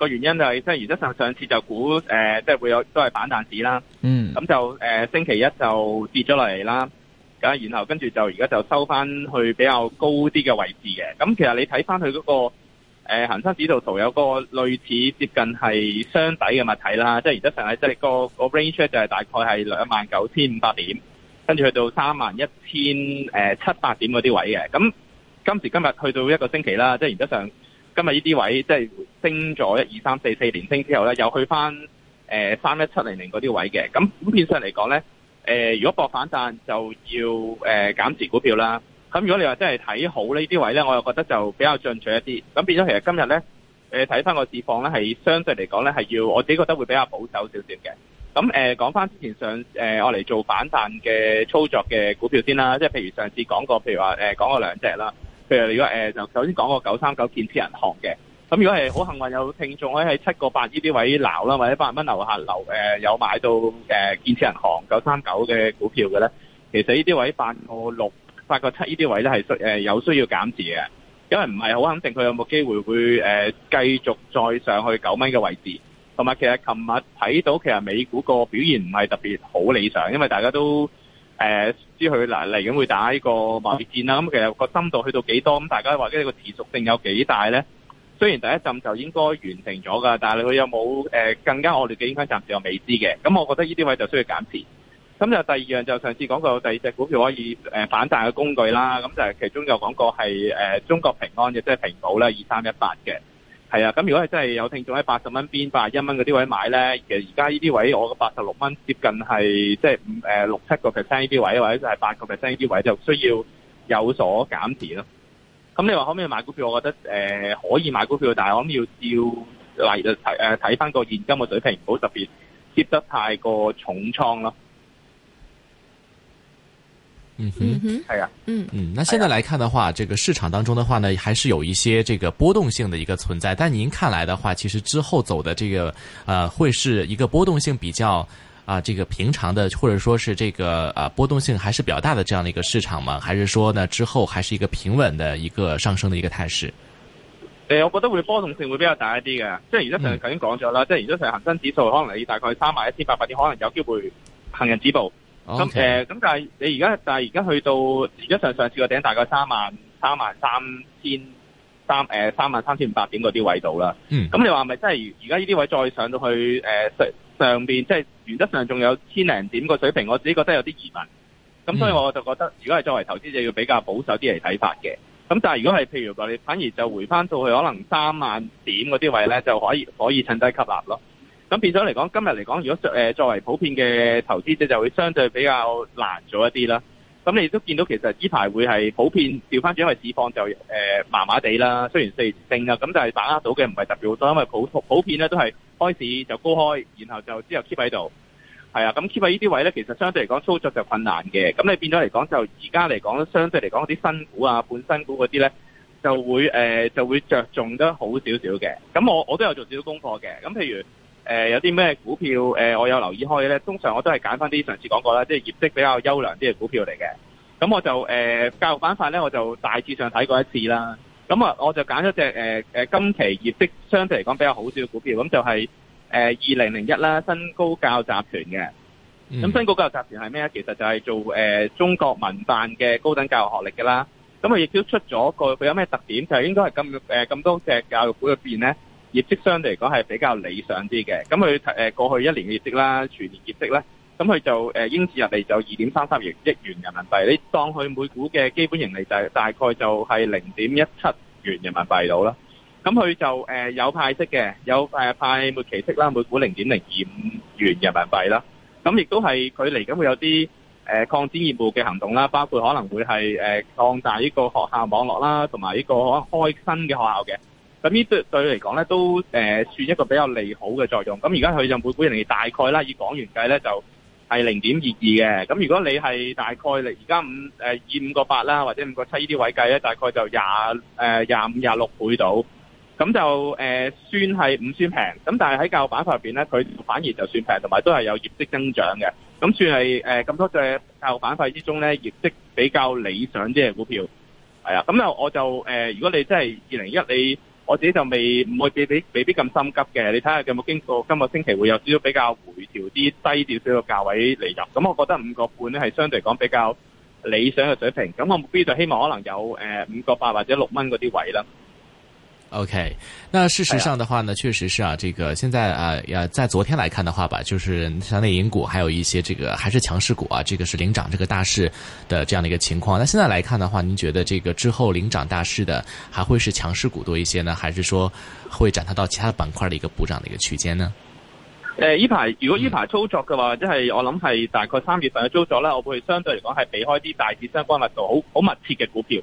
個原因就係即係原則上上次就估誒、呃、即係會有都係反彈市啦。嗯。咁就誒、呃、星期一就跌咗落嚟啦。咁然後跟住就而家就收翻去比較高啲嘅位置嘅。咁其實你睇翻佢嗰個、呃、恒生指數圖有個類似接近係箱底嘅物體啦。即係原則上係即係個個 range 就係大概係兩萬九千五百點，跟住去到三萬一千誒七百點嗰啲位嘅。咁今時今日去到一個星期啦，即係原則上。今日呢啲位即係、就是、升咗一二三四四連升之後咧，又去翻誒三一七零零嗰啲位嘅。咁普遍上嚟講咧，如果搏反彈就要、呃、減持股票啦。咁如果你話真係睇好呢啲位咧，我又覺得就比較進取一啲。咁變咗其實今日咧，睇翻個市況咧，係相對嚟講咧係要我自己覺得會比較保守少少嘅。咁、呃、講翻之前上我嚟、呃、做反彈嘅操作嘅股票先啦，即係譬如上次講過，譬如話、呃、講過兩隻啦。譬如如果誒就首先講個九三九建設銀行嘅，咁如果係好幸運有聽眾可以喺七個八呢啲位鬧啦，或者八蚊樓下樓誒有買到誒建設銀行九三九嘅股票嘅咧，其實呢啲位八個六、八個七呢啲位咧係需誒有需要減持嘅，因為唔係好肯定佢有冇機會會誒繼續再上去九蚊嘅位置，同埋其實琴日睇到其實美股個表現唔係特別好理想，因為大家都。誒知佢嗱嚟緊會打呢個貿易戰啦，咁其實個深度去到幾多？咁大家話你個持續性有幾大咧？雖然第一陣就應該完成咗噶，但係你佢有冇誒更加惡劣嘅影響？暫時又未知嘅。咁我覺得呢啲位就需要減持。咁就第二樣就上次講過第二隻股票可以誒反彈嘅工具啦。咁就係其中就講過係誒中國平安嘅，即係平保咧二三一八嘅。係啊，咁如果係真係有聽眾喺八十蚊邊、八十一蚊嗰啲位買咧，其實而家呢啲位我嘅八十六蚊接近係即係五誒六七個 percent 呢啲位，或者就係八個 percent 呢啲位就需要有所減持咯。咁你話可唔可以買股票？我覺得誒、呃、可以買股票，但係我諗要照嚟睇誒睇返個現金嘅水平，唔好特別 keep 得太過重倉咯。嗯哼哼，係啊，嗯嗯，那現在來看的話，這個市場當中的話呢，還是有一些這個波動性的一個存在。但您看來的話，其實之後走的這個，呃，會是一個波動性比較，啊、呃，這個平常的，或者說是這個，啊、呃，波動性還是比較大的這樣的一個市場嗎？還是說呢，之後還是一個平穩的一個上升的一個態勢？誒、哎，我覺得會波動性會比較大一啲嘅，即係而家頭先講咗啦，嗯、即係而家成日恒生指數可能你大概三萬一千八百點，可能有機會行人止步。咁誒，咁那 Okay. 但係你而家，但係而家去到而家上上次個頂大概三萬三萬三千三、呃、三萬三千五百點嗰啲位度啦。咁、mm. 你話咪真係而家呢啲位再上到去誒、呃、上上邊，即係原則上仲有千零點個水平，我自己覺得有啲疑問。咁所以我就覺得，如果係作為投資者，要比較保守啲嚟睇法嘅。咁但係如果係譬如話，你反而就回翻到去可能三萬點嗰啲位咧，就可以可以趁低吸納咯。咁變咗嚟講，今日嚟講，如果、呃、作為普遍嘅投資者，就會相對比較難咗一啲啦。咁你亦都見到其實呢排會係普遍調翻轉，因為市況就誒麻麻地啦，雖然四升啦，咁但係把握到嘅唔係特別好多，因為普普遍咧都係開市就高開，然後就之後 keep 喺度，係啊。咁 keep 喺呢啲位咧，其實相對嚟講操作就困難嘅。咁你變咗嚟講，就而家嚟講，相對嚟講啲新股啊、半新股嗰啲咧，就會、呃、就會着重得好少少嘅。咁我我都有做少少功課嘅。咁譬如誒、呃、有啲咩股票誒、呃、我有留意開咧，通常我都係揀翻啲上次講過啦，即係業績比較優良啲嘅股票嚟嘅。咁、嗯、我就誒、呃、教育板塊咧，我就大致上睇過一次啦。咁、嗯、啊，我就揀咗隻誒、呃、今期業績相對嚟講比較好少嘅股票，咁、嗯、就係誒二零零一啦，新高教集團嘅。咁、嗯、新高教集團係咩啊？其實就係做誒、呃、中國民辦嘅高等教育學歷嘅啦。咁佢亦都出咗個佢有咩特點？就係、應該係咁咁多隻教育股入面咧，業績相對嚟講係比較理想啲嘅，咁佢誒過去一年嘅業績啦，全年業績啦，咁佢就誒英智入嚟就二點三三二億元人民幣，你當佢每股嘅基本盈利就係大概就係零點一七元人民幣到啦，咁佢就誒有派息嘅，有誒派末期息啦，每股零點零二五元人民幣啦，咁亦都係佢嚟緊會有啲誒擴展業務嘅行動啦，包括可能會係誒擴大呢個學校網絡啦，同埋呢個開新嘅學校嘅。咁呢對對嚟講咧，都算一個比較利好嘅作用。咁而家佢就每股盈利大概啦，以港元計咧就係零點二二嘅。咁如果你係大概你而家五誒五個八啦，或者五個七呢啲位計咧，大概就廿誒廿五、廿六倍到。咁就算係唔算平。咁但係喺教育板塊入邊咧，佢反而就算平，同埋都係有業績增長嘅。咁算係咁多隻教育板塊之中咧，業績比較理想啲嘅股票係啊。咁就我就、呃、如果你真係二零一你。我自己就未唔會必必未必咁心急嘅，你睇下有冇經過今個星期會有少少比較回調啲低調少少嘅價位嚟入，咁我覺得五個半咧係相對嚟講比較理想嘅水平，咁我目標就希望可能有五個八或者六蚊嗰啲位啦。OK，那事實上的話呢，確實是啊，這個現在啊呀，在昨天來看的話吧，就是像內銀股還有一些這個還是強勢股啊，這個是領漲這個大勢的這樣的一個情況。那現在來看的話，您覺得這個之後領漲大勢的還會是強勢股多一些呢，還是說會展開到其他的板塊的一個補漲的一個區間呢？呃依排如果依排操作嘅話，即係、嗯、我諗係大概三月份嘅操作呢，我會相對嚟講係避開啲大市相關力度好好密切嘅股票。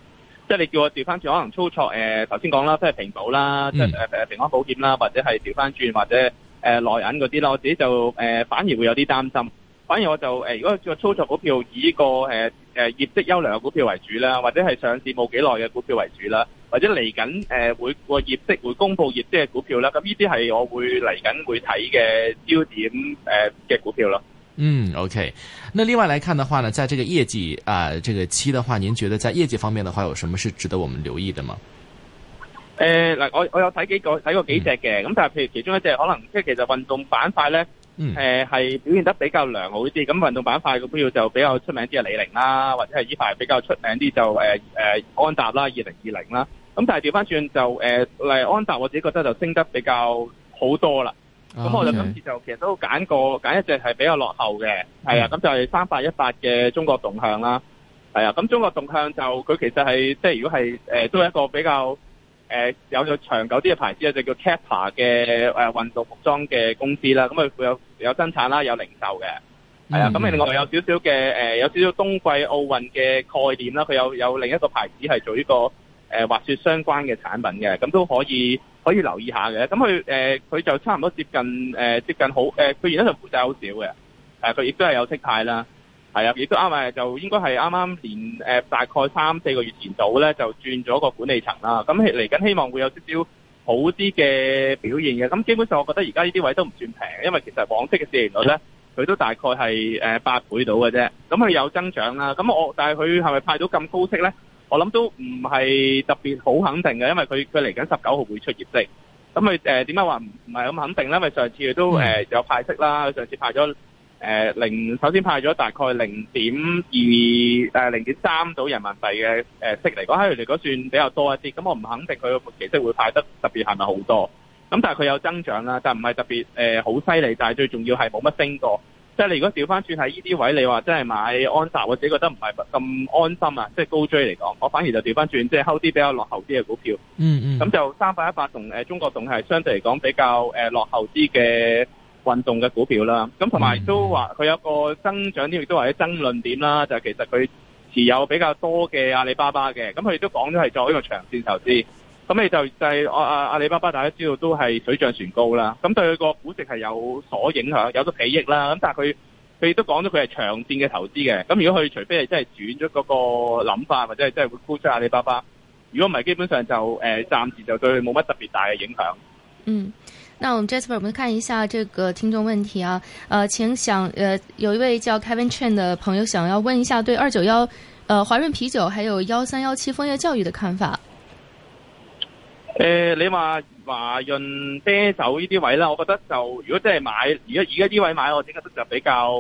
即係你叫我調翻轉，可能操作誒，頭先講啦，即係平保啦，即係誒誒平安保險啦，或者係調翻轉或者誒內銀嗰啲啦，我自己就誒、呃、反而會有啲擔心，反而我就誒、呃、如果我操作股票以個誒誒、呃呃、業績優良嘅股票為主啦，或者係上市冇幾耐嘅股票為主啦，或者嚟緊誒會個業績會公布業績嘅股票啦，咁呢啲係我會嚟緊會睇嘅焦點誒嘅、呃、股票咯。嗯，OK。那另外來看的話呢，在這個業績啊、呃，這個期的話，您覺得在業績方面的話，有什麼是值得我們留意的嗎？誒，嗱，我我有睇幾個睇過幾隻嘅，咁但係譬如其中一隻可能即係其實運動板塊咧，誒、呃、係表現得比較良好啲。咁運動板塊個標就比較出名啲係李寧啦，或者係依排比較出名啲就誒誒安踏啦，二零二零啦。咁但係調翻轉就誒安踏，2020, 呃、安踏我自己覺得就升得比較好多啦。咁、oh, okay. 我就今次就其實都揀過，揀一隻係比較落後嘅，係啊，咁就係三八一八嘅中國動向啦，係啊，咁中國動向就佢其實係即係如果係誒、呃、都係一個比較誒、呃、有咗長久啲嘅牌子，就叫 Kappa 嘅、呃、運動服裝嘅公司啦，咁、啊、佢有有生產啦、啊，有零售嘅，係啊，咁、mm hmm. 另外有少少嘅誒有少少冬季奧運嘅概念啦，佢有有另一個牌子係做呢個誒、呃、滑雪相關嘅產品嘅，咁、啊、都可以。可以留意下嘅，咁佢誒佢就差唔多接近誒、呃、接近好誒，佢而家就負債好少嘅，誒佢亦都係有息派啦，係啊，亦都啱咪，就應該係啱啱年誒大概三四個月前度咧就轉咗個管理層啦，咁嚟緊希望會有少少好啲嘅表現嘅，咁基本上我覺得而家呢啲位都唔算平，因為其實往績嘅市盈率咧佢都大概係誒八倍到嘅啫，咁佢有增長啦，咁我但係佢係咪派到咁高息咧？我諗都唔係特別好肯定嘅，因為佢佢嚟緊十九號會出業績，咁佢誒點解話唔係係咁肯定咧？因為上次佢都誒、呃、有派息啦，上次派咗誒零，首先派咗大概零點二誒零點三到人民幣嘅誒、呃嗯啊、息嚟講，喺佢嚟講算比較多一啲，咁我唔肯定佢個期息會派得特別係咪好多，咁但係佢有增長啦，但唔係特別誒好犀利，但係最重要係冇乜升過。即係你如果調翻轉喺呢啲位，你話真係買安踏，我自己覺得唔係咁安心啊！即係高追嚟講，我反而就調翻轉，即係 hold 啲比較落後啲嘅股票。嗯嗯，咁、嗯、就三百一八同中國仲係相對嚟講比較落後啲嘅運動嘅股票啦。咁同埋都話佢有，有個增長啲亦都係啲爭論點啦。就是，其實佢持有比較多嘅阿里巴巴嘅，咁佢亦都講咗係作為一個長線投資。咁你就就係阿阿阿里巴巴，大家知道都係水漲船高啦。咁對佢個估值係有所影響，有咗幾億啦。咁但係佢佢亦都講咗佢係長線嘅投資嘅。咁如果佢除非係真係轉咗嗰個諗法，或者係真係會沽出阿里巴巴。如果唔係，基本上就誒暫時就對佢冇乜特別大嘅影響。嗯，那我們 Jasper，我們看一下這個聽眾問題啊。呃，請想，呃，有一位叫 Kevin Chen 的朋友想要問一下對二九幺、呃，華潤啤酒，還有幺三幺七、楓葉教育的看法。誒、呃，你話華潤啤酒呢啲位啦，我覺得就如果真係買而家而家呢啲位買，我自己覺得就比較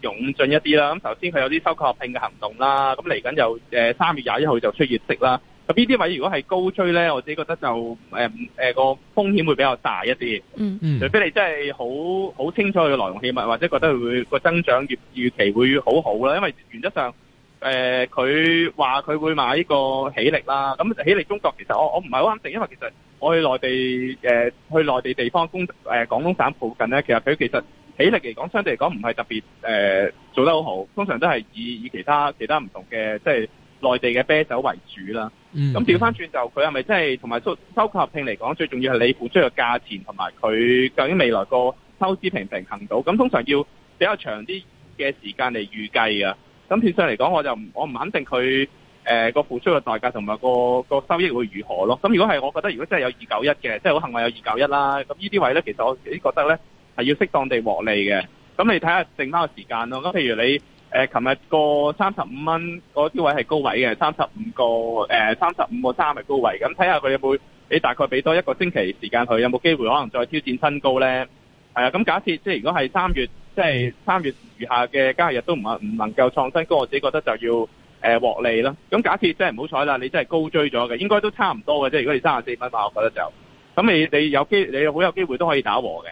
勇進一啲啦。咁頭先佢有啲收購合拼嘅行動啦，咁嚟緊就誒三、呃、月廿一號就出業績啦。咁呢啲位如果係高追咧，我自己覺得就誒誒個風險會比較大一啲。嗯嗯，除非你真係好好、嗯、清楚佢嘅來龍去脈，或者覺得佢會個增長預預期會好好啦，因為原則上。誒，佢話佢會買呢個喜力啦，咁喜力中國其實我我唔係好肯定，因為其實我去內地誒、呃，去內地地方工、公誒廣東省附近咧，其實佢其實喜力嚟講，相對嚟講唔係特別誒、呃、做得好好，通常都係以以其他其他唔同嘅即係內地嘅啤酒為主啦。咁調返轉就佢係咪即係同埋收收購合拼嚟講，最重要係你付出嘅價錢同埋佢究竟未來個收支平唔平衡到？咁通常要比較長啲嘅時間嚟預計啊。咁變相嚟講，我就唔，我唔肯定佢誒個付出嘅代價同埋個個收益會如何咯。咁如果係，我覺得如果真係有二九一嘅，即係好幸運有二九一啦。咁呢啲位咧，其實我自己覺得咧係要適當地獲利嘅。咁你睇下剩翻個時間咯。咁譬如你誒琴日個三十五蚊嗰啲位係高位嘅，三十五個誒三十五個三係高位。咁睇下佢有冇你大概俾多一個星期時間佢，有冇機會可能再挑戰新高咧？係啊，咁假設即係如果係三月。即係三月餘下嘅交易日都唔唔能夠創新高，我自己覺得就要誒、呃、獲利啦。咁假設真係唔好彩啦，你真係高追咗嘅，應該都差唔多嘅。即係如果你三十四蚊買，我覺得就咁你你有機你好有機會都可以打和嘅。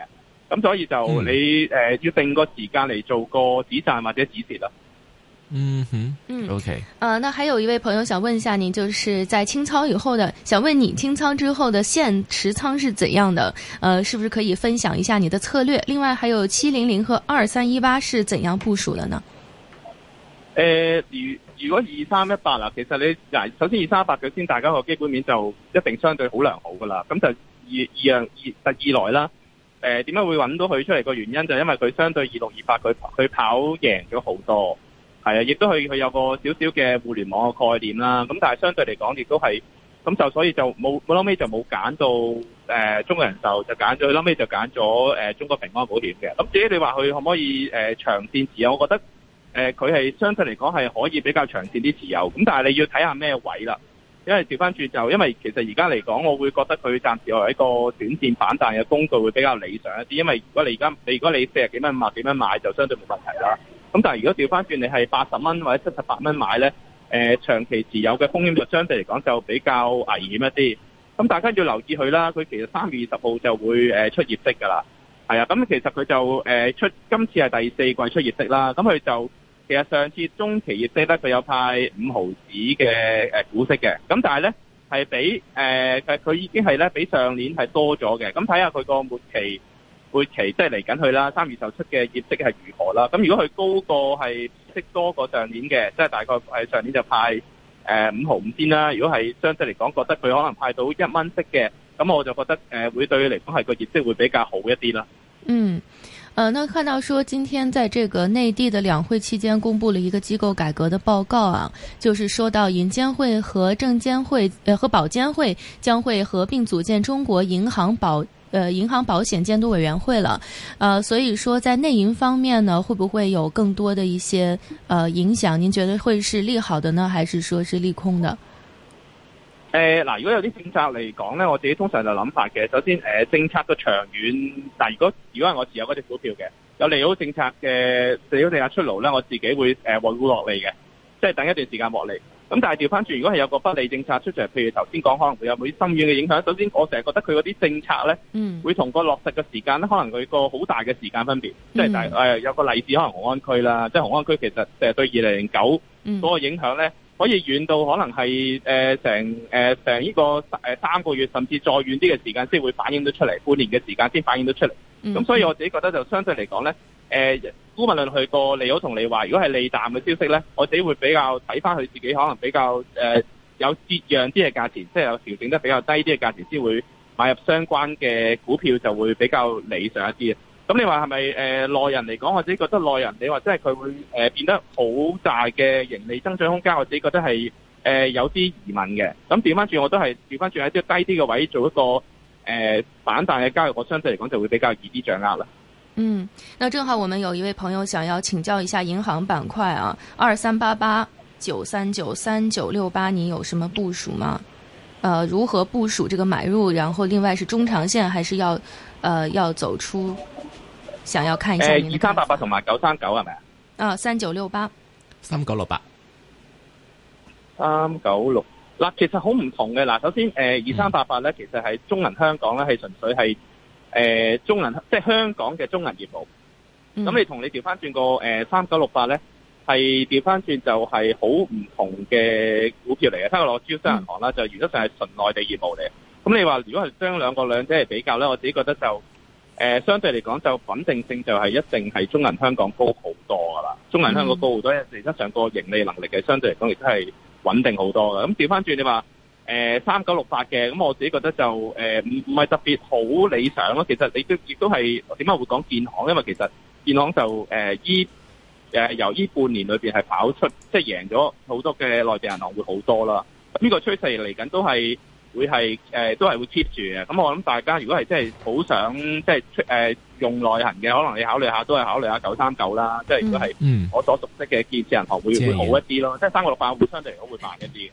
咁所以就你誒、呃、要定個時間嚟做個止賺或者止蝕啦。.嗯哼，嗯，OK 呃。呃那還有一位朋友想問一下你，就是在清倉以後的，想問你清倉之後的現持倉是怎樣的？呃，是不是可以分享一下你的策略？另外，還有七零零和二三一八是怎樣部署的呢？呃如，如果二三一八啦其實你嗱，首先二三一八佢先，大家個基本面就一定相對好良好㗎啦。咁就二二樣二第二來啦，誒、呃，點解會揾到佢出嚟？個原因就係因為佢相對二六二八，佢佢跑贏咗好多。係啊，亦都佢佢有個少少嘅互聯網嘅概念啦。咁但係相對嚟講，亦都係咁就所以就冇冇後尾就冇揀到誒中國人壽，就揀咗佢，後尾就揀咗誒中國平安保險嘅。咁至於你話佢可唔可以誒長線持有，我覺得誒佢係相對嚟講係可以比較長線啲持有。咁但係你要睇下咩位啦。因為調翻轉就因為其實而家嚟講，我會覺得佢暫時係一個短線反彈嘅工具會比較理想一啲。因為如果你而家你如果你四十幾蚊五十幾蚊買，樣買就相對冇問題啦。咁但係如果調翻轉，你係八十蚊或者七十八蚊買呢、呃，長期持有嘅風險就相對嚟講就比較危險一啲。咁大家要留意佢啦，佢其實三月二十號就會誒出業績㗎啦。係啊，咁其實佢就誒出，今次係第四季出業績啦。咁佢就其實上次中期業績咧，佢有派五毫子嘅誒股息嘅。咁但係呢，係比誒，佢、呃、已經係咧比上年係多咗嘅。咁睇下佢個末期。會期即係嚟緊去啦，三月就出嘅業績係如何啦？咁如果佢高過係息多過上年嘅，即係大概喺上年就派誒、呃、五毫五仙啦。如果係相對嚟講，覺得佢可能派到一蚊息嘅，咁我就覺得誒、呃、會對佢嚟講係個業績會比較好一啲啦。嗯，誒、呃，那看到說今天在這個內地的兩會期間，公布了一個機構改革的報告啊，就是說到銀監會和證監會誒、呃、和保監會將會合併組建中國銀行保。呃，銀行保險監督委員會了，呃，所以說在內銀方面呢，會不會有更多的一些，呃，影響？您覺得會是利好的呢，還是說是利空的？呃嗱，如果有啲政策嚟講呢，我自己通常就諗法嘅。首先，呃政策嘅長遠，但係如果如果係我持有嗰隻股票嘅，有利好政策嘅利好政策出爐呢，我自己會誒穩固落嚟嘅，即係等一段時間落嚟。咁但係調翻轉，如果係有個不利政策出場，譬如頭先講，可能會有咩深遠嘅影響。首先，我成日覺得佢嗰啲政策咧，嗯、會同個落實嘅時間咧，可能佢個好大嘅時間分別，即係誒有個例子，可能紅安區啦，即係紅安區其實成日對二零零九嗰個影響咧，嗯、可以遠到可能係成誒成呢個三個月，甚至再遠啲嘅時間先會反映到出嚟，半年嘅時間先反映到出嚟。咁、嗯、所以我自己覺得就相對嚟講咧。誒、呃，姑勿論佢個，利好同你話，如果係利淡嘅消息咧，我自己會比較睇翻佢自己可能比較誒、呃、有折讓啲嘅價錢，即係有調整得比較低啲嘅價錢先會買入相關嘅股票就會比較理想一啲嘅。咁你話係咪誒內人嚟講，我自己覺得內人你話即係佢會變得好大嘅盈利增長空間，我自己覺得係誒、呃、有啲疑問嘅。咁調翻轉我都係調翻轉喺啲低啲嘅位做一個誒、呃、反彈嘅交易，我相對嚟講就會比較易啲掌握啦。嗯，那正好我們有一位朋友想要請教一下銀行板塊啊，二三八八九三九三九六八，68, 你有什麼部署嗎？呃，如何部署這個買入？然後另外是中長線還是要，呃，要走出？想要看一下您的看法。二三八八同埋九三九係咪啊？啊，三九六八。三九六八。三九六，嗱，其實好唔同嘅，嗱，首先，誒、呃，二三八八咧，其實係中銀香港咧，係純粹係。誒、呃、中銀即係香港嘅中銀業務，咁、嗯、你同你調翻轉個誒三九六八咧，係調翻轉就係好唔同嘅股票嚟嘅。睇下攞招商銀行啦，嗯、就原則上係純內地業務嚟嘅。咁你話如果係將兩個兩者嚟比較咧，我自己覺得就誒、呃、相對嚟講就穩定性就係一定係中銀香港高好多噶啦。中銀香港高好多的，因為其實上個盈利能力嘅相對嚟講亦都係穩定好多噶。咁調翻轉你話。誒、呃、三九六八嘅，咁、嗯、我自己覺得就誒唔唔係特別好理想咯。其實你都亦都係點解會講建行？因為其實建行就誒依、呃呃、由依半年裏邊係跑出，即係贏咗好多嘅內地銀行會好多啦。呢、這個趨勢嚟緊都係會係誒、呃、都係會 keep 住嘅。咁我諗大家如果係真係好想即係出用內行嘅，可能你考慮下都係考慮下九三九啦。即係如果係我所熟悉嘅建設銀行會會好一啲咯。即係三九六八會相對嚟講會慢一啲嘅。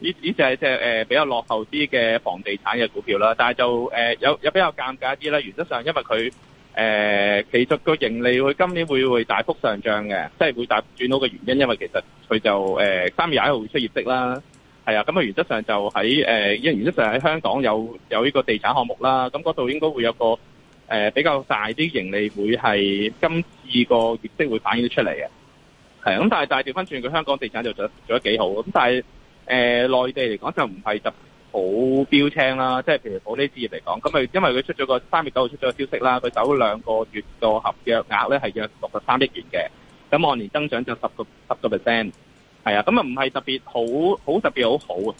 呢依就係隻誒比較落後啲嘅房地產嘅股票啦，但係就誒有有比較尷尬啲啦。原則上，因為佢誒其實個盈利會今年會會大幅上漲嘅，即係會大幅轉好嘅原因，因為其實佢就誒三月廿一號會出業績啦。係啊，咁啊，原則上就喺誒一原則上喺香港有有呢個地產項目啦。咁嗰度應該會有一個誒比較大啲盈利會係今次個業績會反映得出嚟嘅。係咁，但係但係調返轉，佢香港地產就做得做得幾好咁，但係。誒內地嚟講就唔係特別好標青啦，即係譬如保利置業嚟講，咁啊因為佢出咗個三月九號出咗個消息啦，佢走兩個月個合約額咧係約六十三億元嘅，咁按年增長就十個十個 percent，係啊，咁啊唔係特別好好特別好好啊，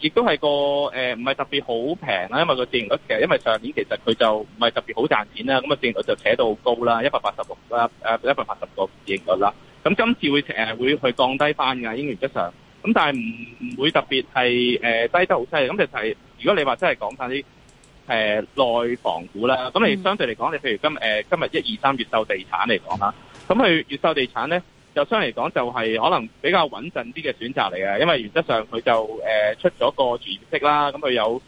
亦都係個誒唔係特別好平啦，因為個市盈率其實因為上年其實佢就唔係特別好賺錢啦，咁啊市盈率就扯到好高啦，一百八十六啊誒一百八十個市盈率啦，咁今次會誒會去降低翻嘅，應然之上。咁但係唔唔會特別係低得好犀利，咁就係如果你話真係講翻啲內房股啦，咁你相對嚟講，你譬如今今日一二三越秀地產嚟講啦，咁佢越秀地產咧，就相嚟講就係可能比較穩陣啲嘅選擇嚟嘅，因為原則上佢就出咗個轉式啦，咁佢有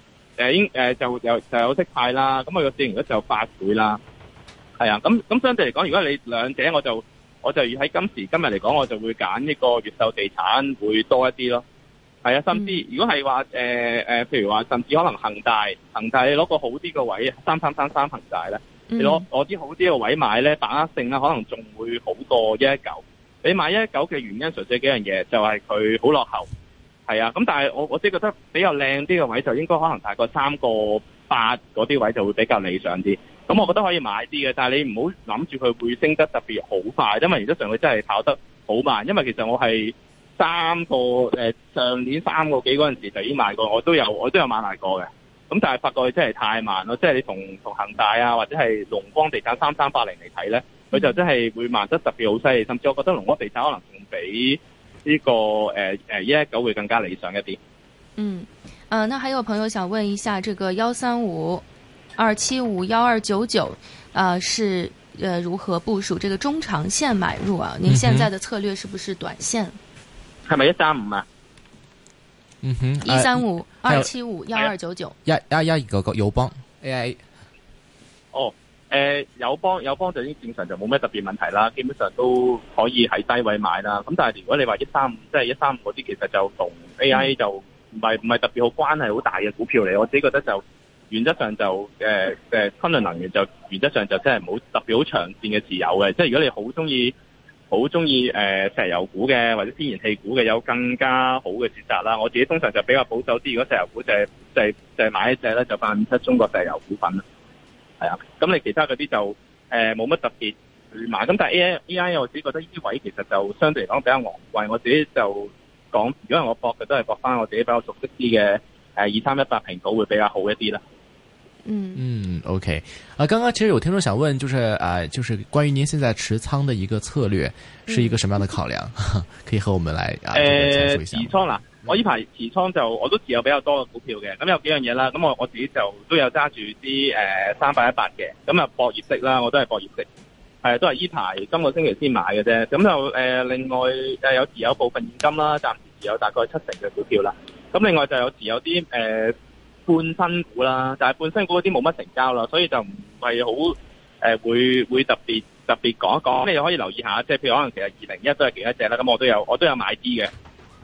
應就有就有息派啦，咁佢個市盈率就八倍啦，係啊，咁咁相對嚟講，如果你兩者我就。我就要喺今時今日嚟講，我就會揀呢個越秀地產會多一啲咯。係啊，甚至如果係話誒誒譬如話甚至可能恒大，恒大你攞個好啲嘅位，三三三三恒大咧，你攞攞啲好啲嘅位買咧，把握性啦可能仲會好過一九。你買一九嘅原因，純粹幾樣嘢，就係佢好落後。係啊，咁但係我我只覺得比較靚啲嘅位，就應該可能大概三個八嗰啲位就會比較理想啲。咁、嗯、我覺得可以買啲嘅，但你唔好諗住佢會升得特別好快，因為原則上佢真係跑得好慢。因為其實我係三個、呃、上年三個幾嗰陣時就已經買過，我都有我都有買埋過嘅。咁但係發覺佢真係太慢咯，即係你同同恒大啊，或者係龍光地產三三八零嚟睇咧，佢就真係會慢得特別好犀利。甚至我覺得龍光地產可能仲比呢、這個誒誒一一九會更加理想一啲。嗯，啊、呃，那還有朋友想問一下這個一三五。二七五幺二九九，啊、呃、是，呃如何部署這個中長線買入啊？嗯哼，您現在的策略是不是短線？係咪一三五啊？一三五，嗯哼，一三五二七五幺二九九，一一一個個友邦 A I，哦，誒友邦友邦就已經正常就冇咩特別問題啦，基本上都可以喺低位買啦。咁但係如果你話一三五即係一三五嗰啲，其實就同 A I 就唔係唔係特別好關係好大嘅股票嚟，我自己覺得就。原則上就誒誒，昆、欸、侖能源就原則上就真係冇特別好長線嘅持有嘅，即係如果你好中意好中意石油股嘅或者天然氣股嘅，有更加好嘅選擇啦。我自己通常就比較保守啲，如果石油股就係、係、就係、係、就係、係、買一隻咧，就八五七中國石油股份啦。係啊，咁你其他嗰啲就誒冇乜特別買。咁但係 AI AI，我自己覺得呢啲位其實就相對嚟講比較昂貴。我自己就講，如果係我博嘅都係博翻我自己比較熟悉啲嘅誒二三一八平保會比較好一啲啦。嗯嗯，OK，啊，剛剛其實有聽眾想問，就是啊，就是關於您現在持倉的一個策略，是一個什麼樣的考量，嗯、 可以和我們來誒持、啊呃呃、倉嗱，嗯、我依排持倉就我都持有比較多嘅股票嘅，咁有幾樣嘢啦，咁我我自己就都有揸住啲誒三百一八嘅，咁、呃、啊博業績啦，我都係博業績，係都係依排今個星期先買嘅啫，咁就誒、呃、另外誒有持有部分現金啦，暫時持有大概七成嘅股票啦，咁另外就有持有啲誒。呃半新股啦，但係半新股嗰啲冇乜成交咯，所以就唔係好誒，會會特別特別講一講，你可以留意下，即係譬如可能其實二零一都係幾多隻啦，咁我都有我都有買啲嘅，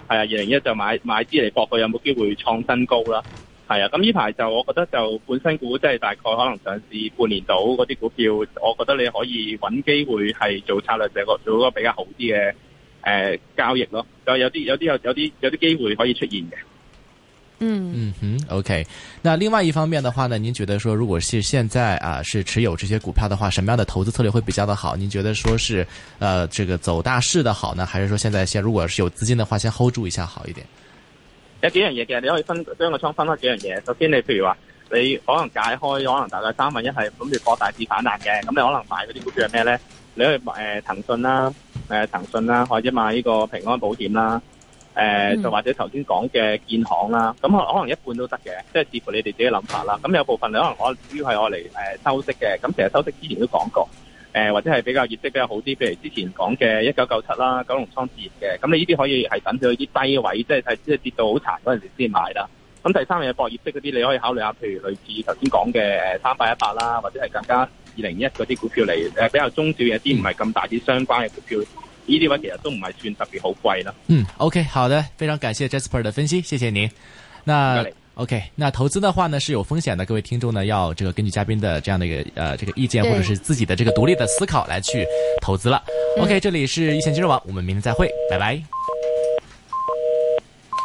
係啊，二零一就買買啲嚟搏佢有冇機會創新高啦，係啊，咁呢排就我覺得就半新股即係大概可能上市半年度嗰啲股票，我覺得你可以揾機會係做策略者個做一個比較好啲嘅誒交易咯，就有啲有啲有有啲有啲機會可以出現嘅。嗯嗯哼，OK。那另外一方面的話呢，您覺得說，如果是現在啊，是持有這些股票的話，什麼樣的投資策略會比較的好？您覺得說是，呃，這個走大勢的好呢，還是說現在先，如果是有資金的話，先 hold 住一下好一點？有幾樣嘢嘅，你可以分將個倉分開幾樣嘢。首先你譬如話，你可能解開，可能大概三分一係諗住博大市反彈嘅，咁你可能買嗰啲股票係咩呢？你可以買誒、呃、騰訊啦，誒、呃、騰訊啦，或者買呢個平安保險啦。誒就、嗯、或者頭先講嘅建行啦，咁可可能一半都得嘅，即係視乎你哋自己諗法啦。咁有部分你可能可於係我嚟誒收息嘅，咁其實收息之前都講過，誒或者係比較業績比較好啲，譬如之前講嘅一九九七啦、九龍倉置業嘅，咁你呢啲可以係等佢啲低位，即係睇即係跌到好殘嗰陣時先買啦。咁第三樣嘢博業績嗰啲，你可以考慮下，譬如類似頭先講嘅誒三百一八啦，或者係更加二零一嗰啲股票嚟，誒比較中小嘅啲唔係咁大啲相關嘅股票。呢啲位其實都唔係算特別好貴啦。嗯，OK，好的，非常感謝 Jasper 的分析，謝謝您。那 OK，那投資的話呢，是有風險的，各位聽眾呢，要這個根據嘉賓的這樣的一個，呃，這個意見，對或者是自己的這個獨立的思考來去投資了。嗯、OK，這裏是一線金融網，我們明天再會，拜拜。